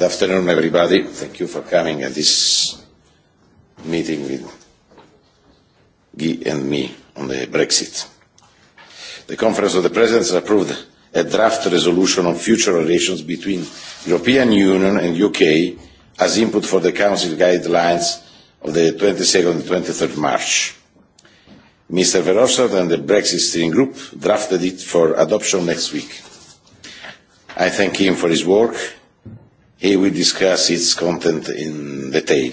Good afternoon, everybody. Thank you for coming at this meeting with Guy and me on the Brexit. The Conference of the Presidents approved a draft resolution on future relations between European Union and UK as input for the Council guidelines of the 22nd and 23rd March. Mr. Verhofstadt and the Brexit steering group drafted it for adoption next week. I thank him for his work He will discuss its content in detail.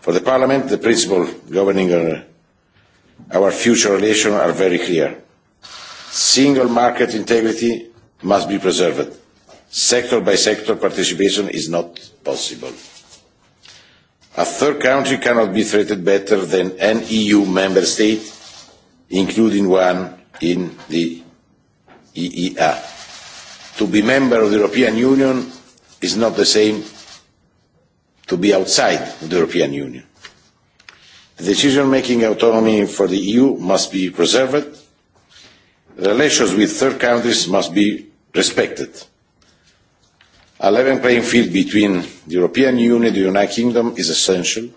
For the Parliament, the principles governing our future relations are very clear. Single market integrity must be preserved. Sector by sector participation is not possible. A third country cannot be treated better than an EU member state, including one in the EEA. To be member of the European Union is not the same to be outside the European Union. The decision-making autonomy for the EU must be preserved. Relations with third countries must be respected. A level playing field between the European Union and the United Kingdom is essential.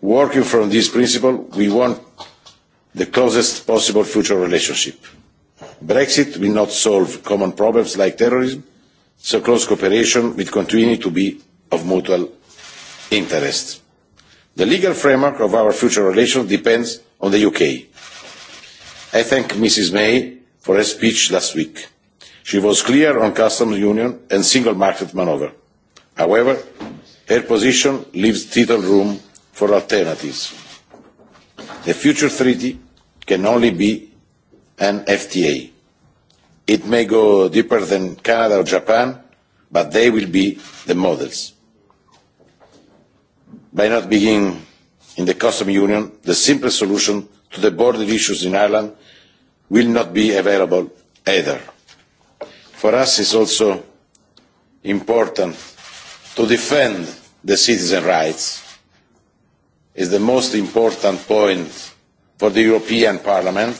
Working from this principle, we want the closest possible future relationship. Brexit will not solve common problems like terrorism so close cooperation will continue to be of mutual interest. The legal framework of our future relations depends on the UK. I thank Mrs May for her speech last week. She was clear on customs union and single market manoeuvre. However, her position leaves little room for alternatives. The future treaty can only be an FTA. It may go deeper than Canada or Japan, but they will be the models. By not being in the customs union, the simple solution to the border issues in Ireland will not be available either. For us, it is also important to defend the citizen rights. Is the most important point for the European Parliament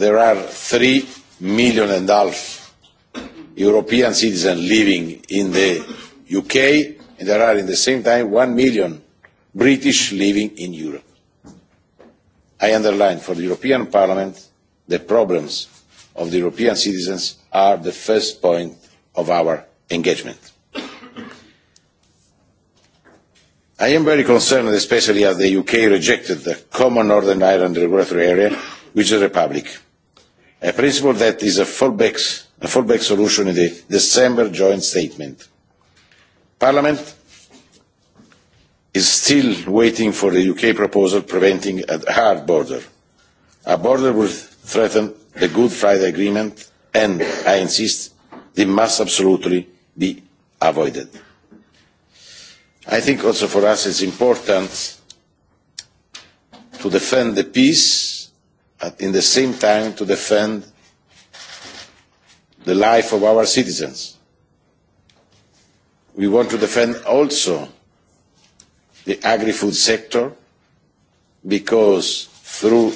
there are three million and a half European citizens living in the UK and there are at the same time one million British living in Europe. I underline for the European Parliament the problems of the European citizens are the first point of our engagement. I am very concerned, especially as the UK rejected the common Northern Ireland regulatory area which is a Republic a principle that is a fallback solution in the December joint statement. Parliament is still waiting for the UK proposal preventing a hard border. A border would threaten the Good Friday Agreement and, I insist, they must absolutely be avoided. I think also for us it's important to defend the peace at the same time to defend the life of our citizens. We want to defend also the agri-food sector because through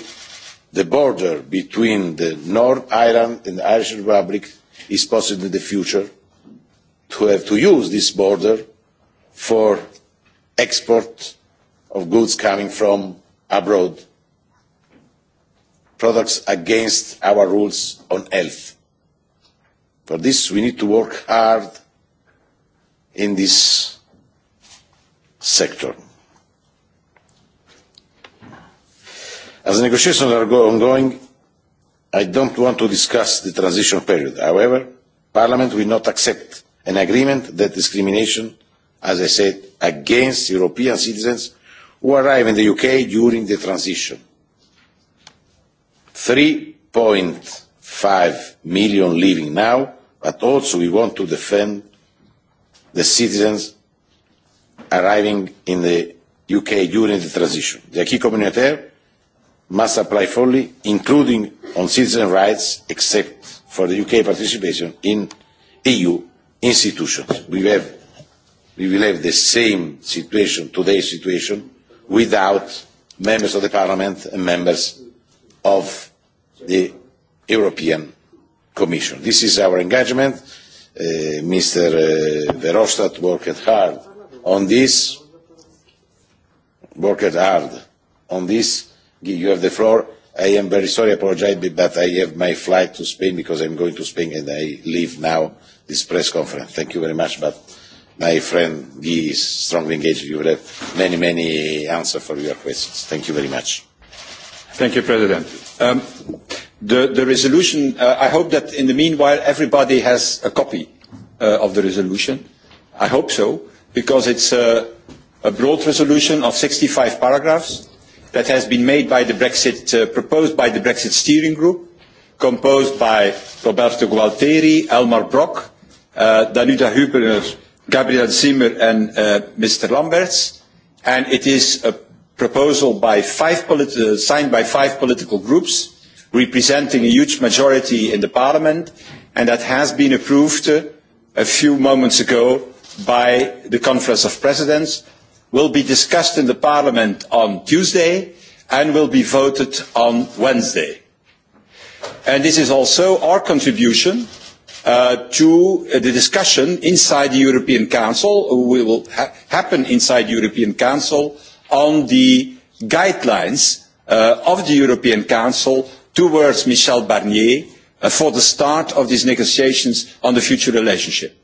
the border between the North Ireland and the Irish Republic is possible in the future to have to use this border for export of goods coming from abroad products against our rules on health. For this we need to work hard in this sector. As negotiations are ongoing, I don't want to discuss the transition period. However, Parliament will not accept an agreement that discrimination, as I said, against European citizens who arrive in the UK during the transition 3.5 million living now, but also we want to defend the citizens arriving in the UK during the transition. The acquis communautaire must apply fully, including on citizen rights, except for the UK participation in EU institutions. We, have, we will have the same situation, today's situation, without members of the Parliament and members of the European Commission. This is our engagement. Mr. Verhofstadt worked hard on this. Worked hard on this. You have the floor. I am very sorry, I apologize, but I have my flight to Spain because I'm going to Spain and I leave now this press conference. Thank you very much, but my friend Guy is strongly engaged. You will have many, many answers for your questions. Thank you very much. Thank you, President. The resolution, I hope that in the meanwhile everybody has a copy of the resolution. I hope so, because it's a broad resolution of 65 paragraphs that has been made by the Brexit, proposed by the Brexit Steering Group, composed by Roberto Gualteri, Elmar Brok, Danuta Hübner, Gabriel Zimmer and Mr. Lamberts, and it is a proposal by five signed by five political groups representing a huge majority in the parliament and that has been approved a few moments ago by the conference of presidents will be discussed in the parliament on tuesday and will be voted on wednesday and this is also our contribution to the discussion inside the european council which will happen inside the european council on the guidelines of the European Council towards Michel Barnier for the start of these negotiations on the future relationship.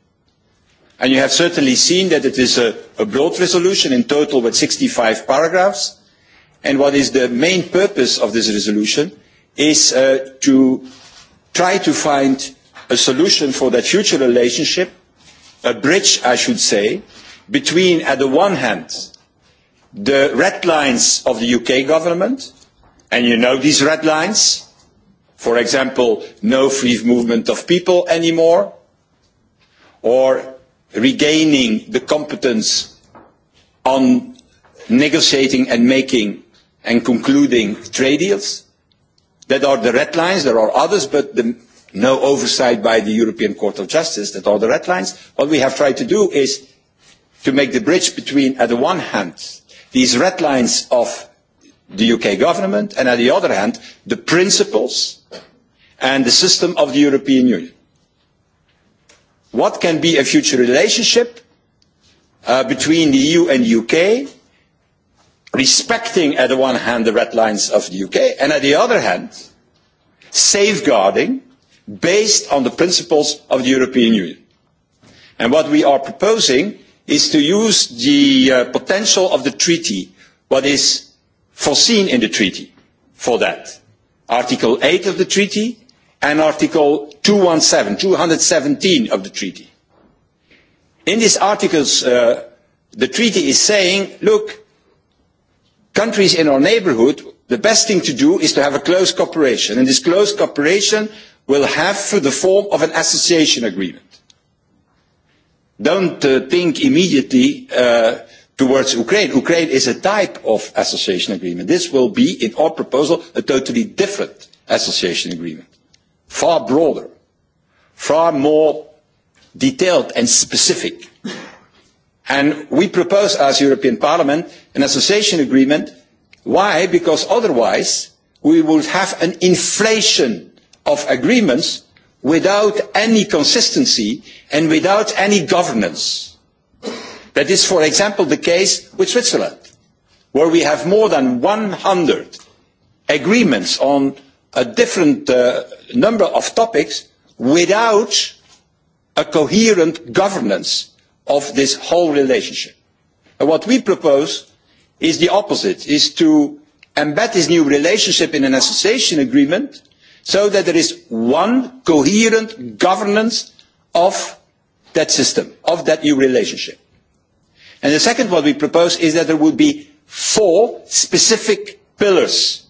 And you have certainly seen that it is a broad resolution in total with 65 paragraphs. And what is the main purpose of this resolution is to try to find a solution for that future relationship, a bridge, I should say, between, at the one hand, the red lines of the UK government, and you know these red lines, for example, no free movement of people anymore, or regaining the competence on negotiating and making and concluding trade deals. That are the red lines. There are others, but no oversight by the European Court of Justice. That are the red lines. What we have tried to do is to make the bridge between, at the one hand, these red lines of the UK government and on the other hand the principles and the system of the European Union. What can be a future relationship between the EU and the UK, respecting at the one hand the red lines of the UK and on the other hand safeguarding based on the principles of the European Union. And what we are proposing is to use the potential of the treaty, what is foreseen in the treaty for that. Article 8 of the treaty and Article 217, 217 of the treaty. In these articles, the treaty is saying, look, countries in our neighbourhood, the best thing to do is to have a close cooperation. And this close cooperation will have the form of an association agreement don't think immediately towards Ukraine. Ukraine is a type of association agreement. This will be, in our proposal, a totally different association agreement, far broader, far more detailed and specific. And we propose, as European Parliament, an association agreement. Why? Because otherwise we would have an inflation of agreements without any consistency and without any governance. That is, for example, the case with Switzerland, where we have more than 100 agreements on a different number of topics without a coherent governance of this whole relationship. And what we propose is the opposite, is to embed this new relationship in an association agreement so that there is one coherent governance of that system, of that new relationship. And the second what we propose is that there would be four specific pillars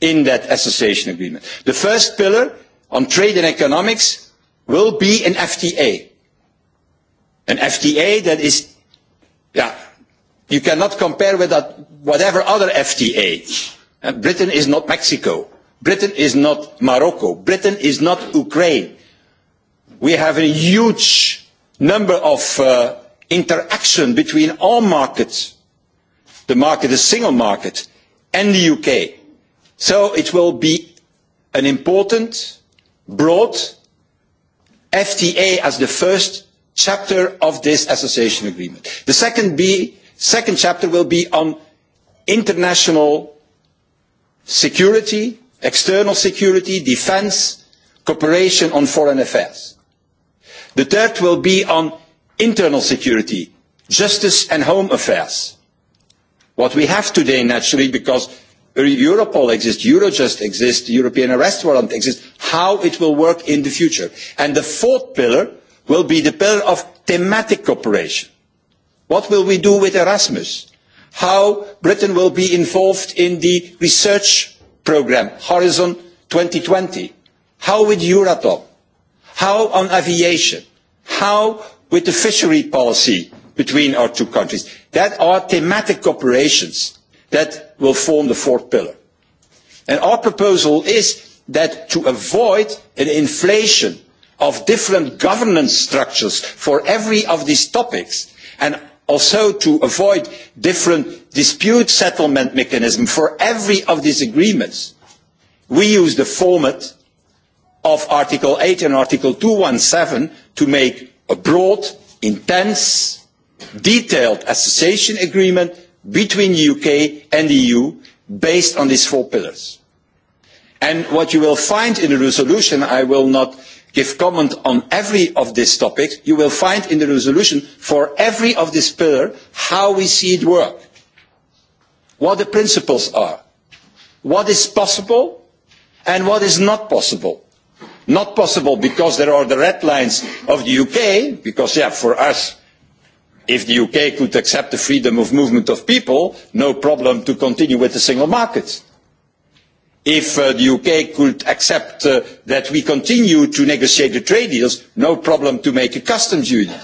in that association agreement. The first pillar on trade and economics will be an FTA. An FTA that is, yeah, you cannot compare with that whatever other FTA. Britain is not Mexico Britain is not Morocco. Britain is not Ukraine. We have a huge number of interaction between our markets, the market, the single market, and the UK. So it will be an important, broad FTA as the first chapter of this association agreement. The second chapter will be on international security external security, defence, cooperation on foreign affairs. The third will be on internal security, justice and home affairs. What we have today, naturally, because Europol exists, Eurojust exists, the European Arrest Warrant exists, how it will work in the future. And the fourth pillar will be the pillar of thematic cooperation. What will we do with Erasmus? How Britain will be involved in the research program Horizon 2020? How with Euratom? How on aviation? How with the fishery policy between our two countries? That are thematic cooperations that will form the fourth pillar. And our proposal is that to avoid an inflation of different governance structures for every of these topics and also to avoid different dispute settlement mechanisms for every of these agreements, we use the format of Article 8 and Article 217 to make a broad, intense, detailed association agreement between the UK and the EU based on these four pillars. And what you will find in the resolution, I will not give comment on every of these topics, you will find in the resolution for every of these pillars how we see it work, what the principles are, what is possible and what is not possible. Not possible because there are the red lines of the UK, because for us, if the UK could accept the freedom of movement of people, no problem to continue with the single market if the uk could accept that we continue to negotiate the trade deals no problem to make a customs union.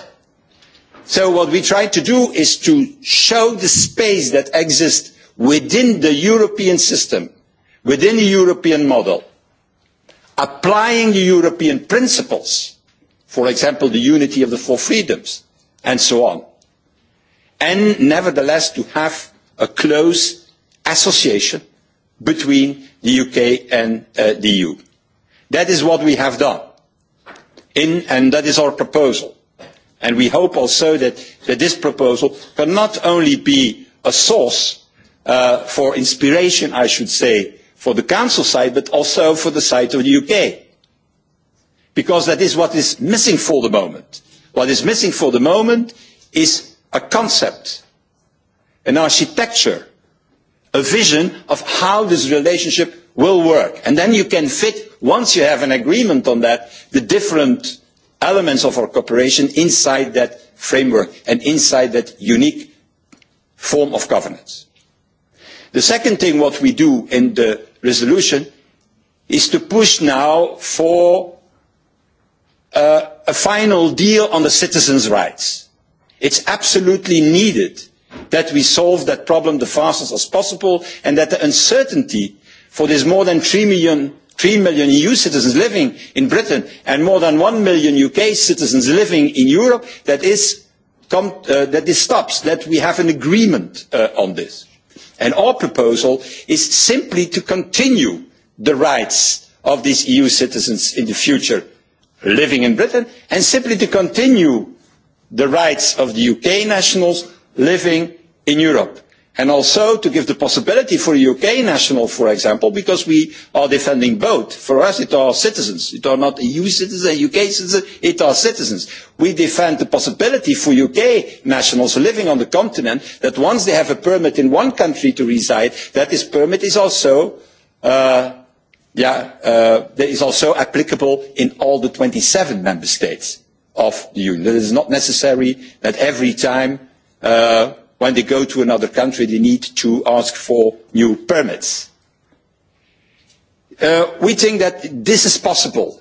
so what we try to do is to show the space that exists within the european system within the european model applying the european principles for example the unity of the four freedoms and so on and nevertheless to have a close association between the UK and the EU. That is what we have done, and that is our proposal. And we hope also that this proposal can not only be a source for inspiration, I should say, for the Council side, but also for the side of the UK. Because that is what is missing for the moment. What is missing for the moment is a concept, an architecture a vision of how this relationship will work. And then you can fit, once you have an agreement on that, the different elements of our cooperation inside that framework and inside that unique form of governance. The second thing what we do in the resolution is to push now for a final deal on the citizens' rights. It's absolutely needed that we solve that problem the fastest as possible and that the uncertainty for these more than 3 million EU citizens living in Britain and more than 1 million UK citizens living in Europe, that this stops, that we have an agreement on this. And our proposal is simply to continue the rights of these EU citizens in the future living in Britain and simply to continue the rights of the UK nationals living in Europe. And also to give the possibility for a UK national, for example, because we are defending both. For us, it are citizens. It are not EU citizens, UK citizens. It are citizens. We defend the possibility for UK nationals living on the continent that once they have a permit in one country to reside, that this permit is also applicable in all the 27 member states of the union. It is not necessary that every time when they go to another country, they need to ask for new permits. We think that this is possible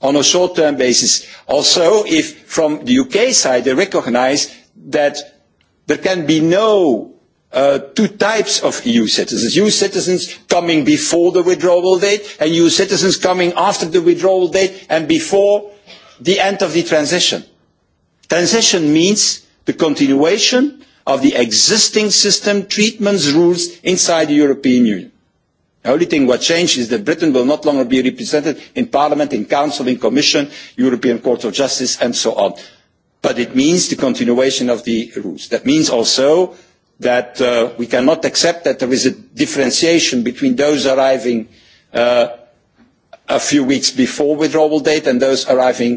on a short-term basis. Also, if from the UK side they recognise that there can be no two types of EU citizens. EU citizens coming before the withdrawal date and EU citizens coming after the withdrawal date and before the end of the transition. Transition means the continuation of the existing system treatments rules inside the European Union. The only thing what changed is that Britain will not longer be represented in Parliament, in Council, in Commission, European Court of Justice and so on. But it means the continuation of the rules. That means also that we cannot accept that there is a differentiation between those arriving a few weeks before withdrawal date and those arriving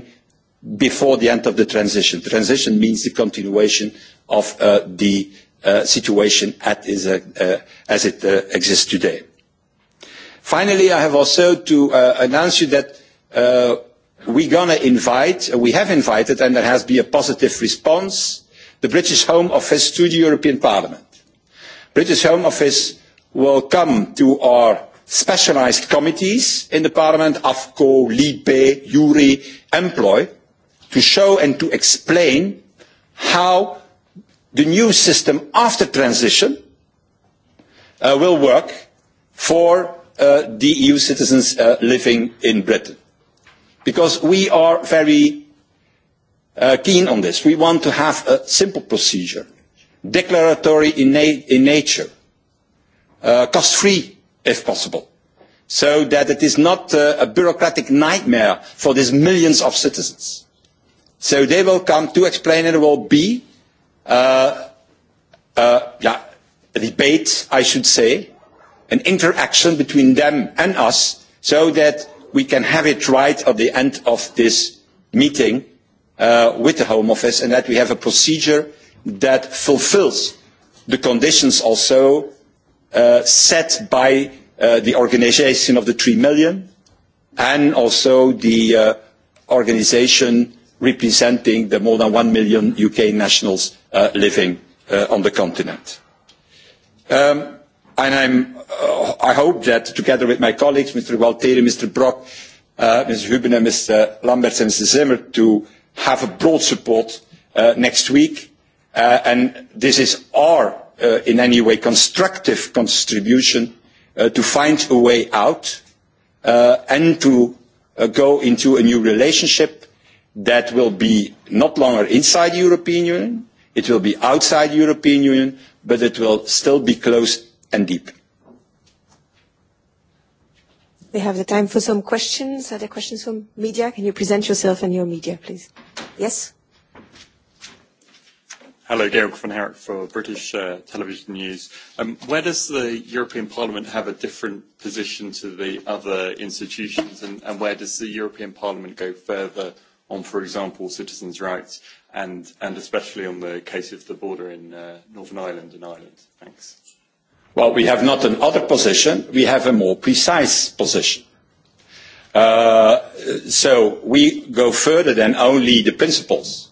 before the end of the transition. Transition means the continuation of the situation as it exists today. Finally, I have also to announce you that we're going to invite, we have invited, and there has been a positive response, the British Home Office to the European Parliament. The British Home Office will come to our specialised committees in the Parliament, AFCO, LIBE, URI, EMPLOY, to show and to explain how the new system after transition will work for the EU citizens living in Britain. Because we are very keen on this. We want to have a simple procedure, declaratory in nature, cost-free if possible, so that it is not a bureaucratic nightmare for these millions of citizens. So they will come to explain and there will be a debate, I should say, an interaction between them and us so that we can have it right at the end of this meeting with the Home Office and that we have a procedure that fulfills the conditions also set by the organisation of the 3 million and also the organisation representing the more than 1 million UK nationals living on the continent. And I hope that together with my colleagues, Mr. Gualtieri, Mr. Brok, Mr. Hubner, Mr. Lamberts and Mr. Zimmer, to have a broad support next week. And this is our, in any way, constructive contribution to find a way out and to go into a new relationship that will be not longer inside the European Union, it will be outside the European Union, but it will still be close and deep. We have the time for some questions. Are there questions from media? Can you present yourself and your media, please? Yes? Hello, Georg van Herk for British Television News. Where does the European Parliament have a different position to the other institutions, and where does the European Parliament go further on, for example, citizens' rights and and especially on the case of the border in Northern Ireland and Ireland? Thanks. Well, we have not an other position. We have a more precise position. So we go further than only the principles.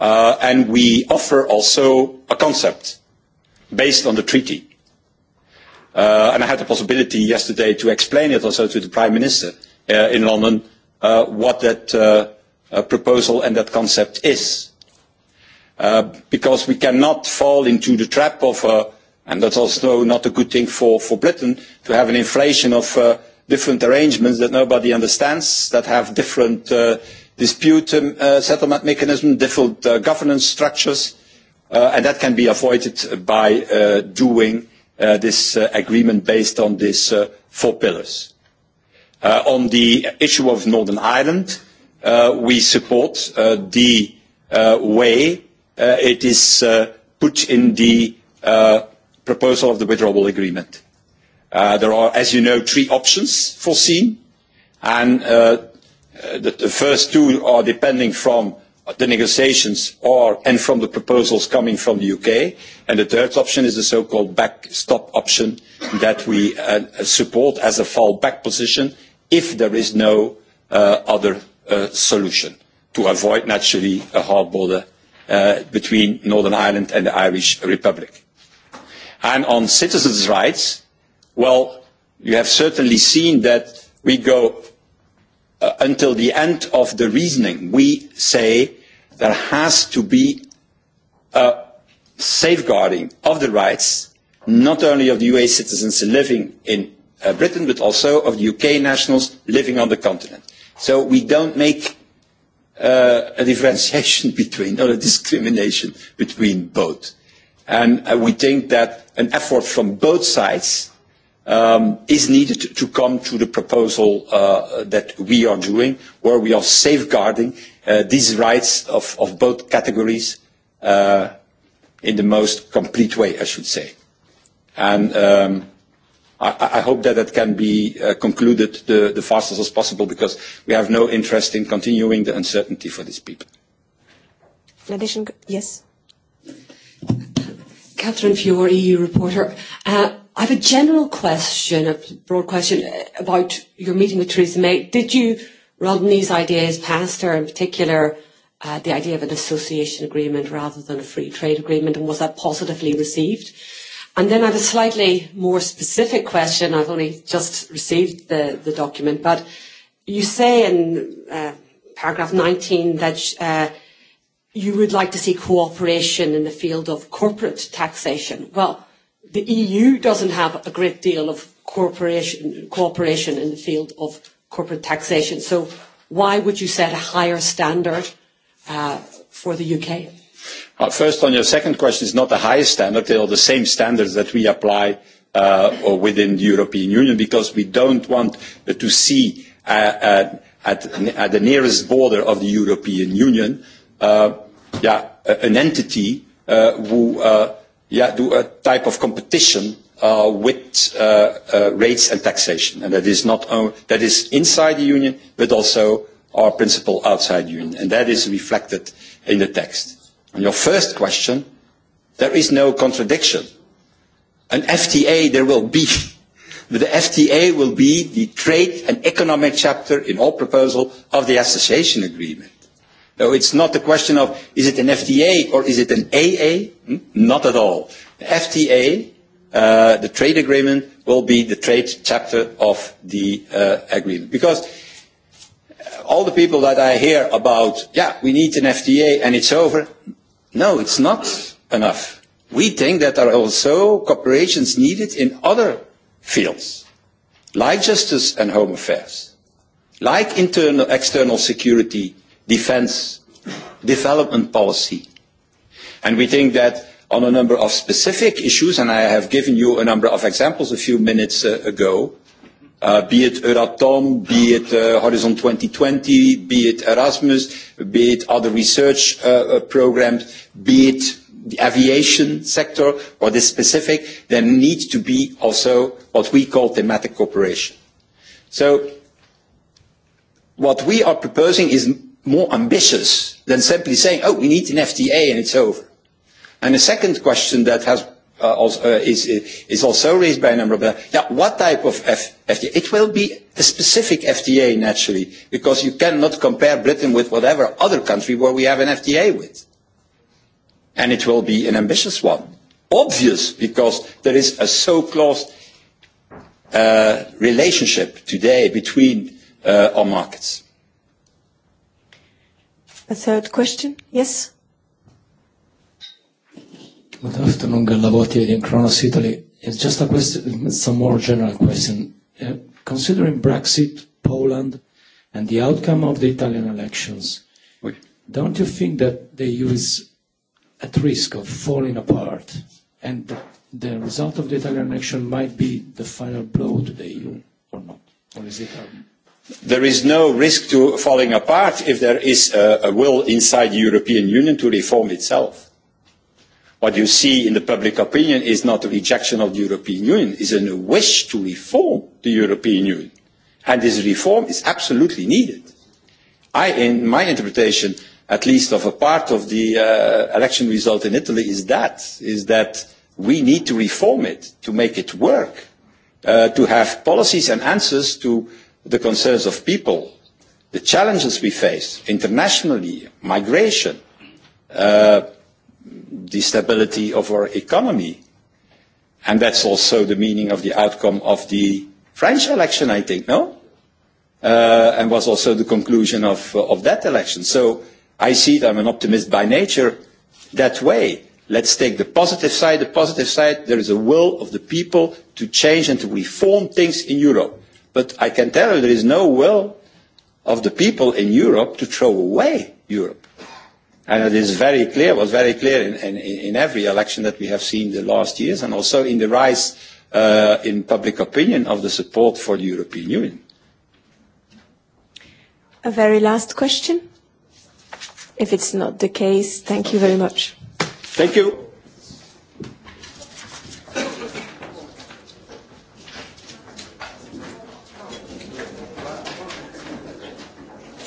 And we offer also a concept based on the treaty. And I had the possibility yesterday to explain it also to the Prime Minister in London what that proposal and that concept is. Because we cannot fall into the trap of, and that's also not a good thing for Britain, to have an inflation of different arrangements that nobody understands, that have different dispute settlement mechanisms, different governance structures, and that can be avoided by doing this agreement based on these four pillars. On the issue of Northern Ireland, we support the way it is put in the proposal of the withdrawal agreement. There are, as you know, three options foreseen, and the first two are depending from the negotiations and from the proposals coming from the UK, and the third option is the so-called backstop option that we support as a fallback position if there is no other solution to avoid naturally a hard border between Northern Ireland and the Irish Republic. And on citizens' rights, well, you have certainly seen that we go until the end of the reasoning. We say there has to be a safeguarding of the rights, not only of the UA citizens living in Britain, but also of the UK nationals living on the continent. So we don't make a differentiation between or a discrimination between both. And we think that an effort from both sides is needed to come to the proposal that we are doing, where we are safeguarding these rights of both categories in the most complete way, I should say. And I hope that that can be concluded the fastest as possible because we have no interest in continuing the uncertainty for these people. In addition, yes. Catherine Fiore, EU reporter. I have a general question, a broad question about your meeting with Theresa May. Did you these ideas past her, in particular the idea of an association agreement rather than a free trade agreement, and was that positively received? And then I have a slightly more specific question. I've only just received the, the document, but you say in paragraph 19 that you would like to see cooperation in the field of corporate taxation. Well, the EU doesn't have a great deal of cooperation, cooperation in the field of corporate taxation. So why would you set a higher standard for the UK? First, on your second question, it's not the highest standard. They are the same standards that we apply within the European Union because we don't want to see at the nearest border of the European Union an entity who do a type of competition with rates and taxation. And that is not that is inside the Union, but also our principle outside the Union. And that is reflected in the text your first question, there is no contradiction. An FTA there will be, but the FTA will be the trade and economic chapter in all proposal of the association agreement. So it's not a question of is it an FTA or is it an AA? Not at all. The FTA, the trade agreement, will be the trade chapter of the agreement. Because all the people that I hear about, yeah, we need an FTA and it's over, No, it's not enough. We think that there are also cooperations needed in other fields, like justice and home affairs, like internal, external security, defence, development policy. And we think that on a number of specific issues, and I have given you a number of examples a few minutes ago, be it Euratom, be it Horizon 2020, be it Erasmus, be it other research programs, be it the aviation sector, or the specific, there needs to be also what we call thematic cooperation. So what we are proposing is more ambitious than simply saying, oh, we need an FTA and it's over. And the second question that has is also raised by a number of yeah what type of fta it will be a specific fta naturally because you cannot compare britain with whatever other country where we have an fta with and it will be an ambitious one obvious because there is a so close relationship today between our markets a third question yes Good afternoon, Gallavotti in Kronos, Italy. It's just a question, some more general question. Considering Brexit, Poland, and the outcome of the Italian elections, don't you think that the EU is at risk of falling apart and the result of the Italian election might be the final blow to the EU or not? Or is it There is no risk to falling apart if there is a will inside the European Union to reform itself What you see in the public opinion is not a rejection of the European Union, is a wish to reform the European Union. And this reform is absolutely needed. in my interpretation, at least of a part of the election result in Italy, is that, is that we need to reform it, to make it work, to have policies and answers to the concerns of people, the challenges we face internationally, migration, the stability of our economy. And that's also the meaning of the outcome of the French election, I think, no? And was also the conclusion of that election. So I see that I'm an optimist by nature that way. Let's take the positive side. The positive side, there is a will of the people to change and to reform things in Europe. But I can tell you there is no will of the people in Europe to throw away Europe. And it is very clear, was very clear in, in, every election that we have seen the last years and also in the rise in public opinion of the support for the European Union. A very last question. If it's not the case, thank you very much. Thank you.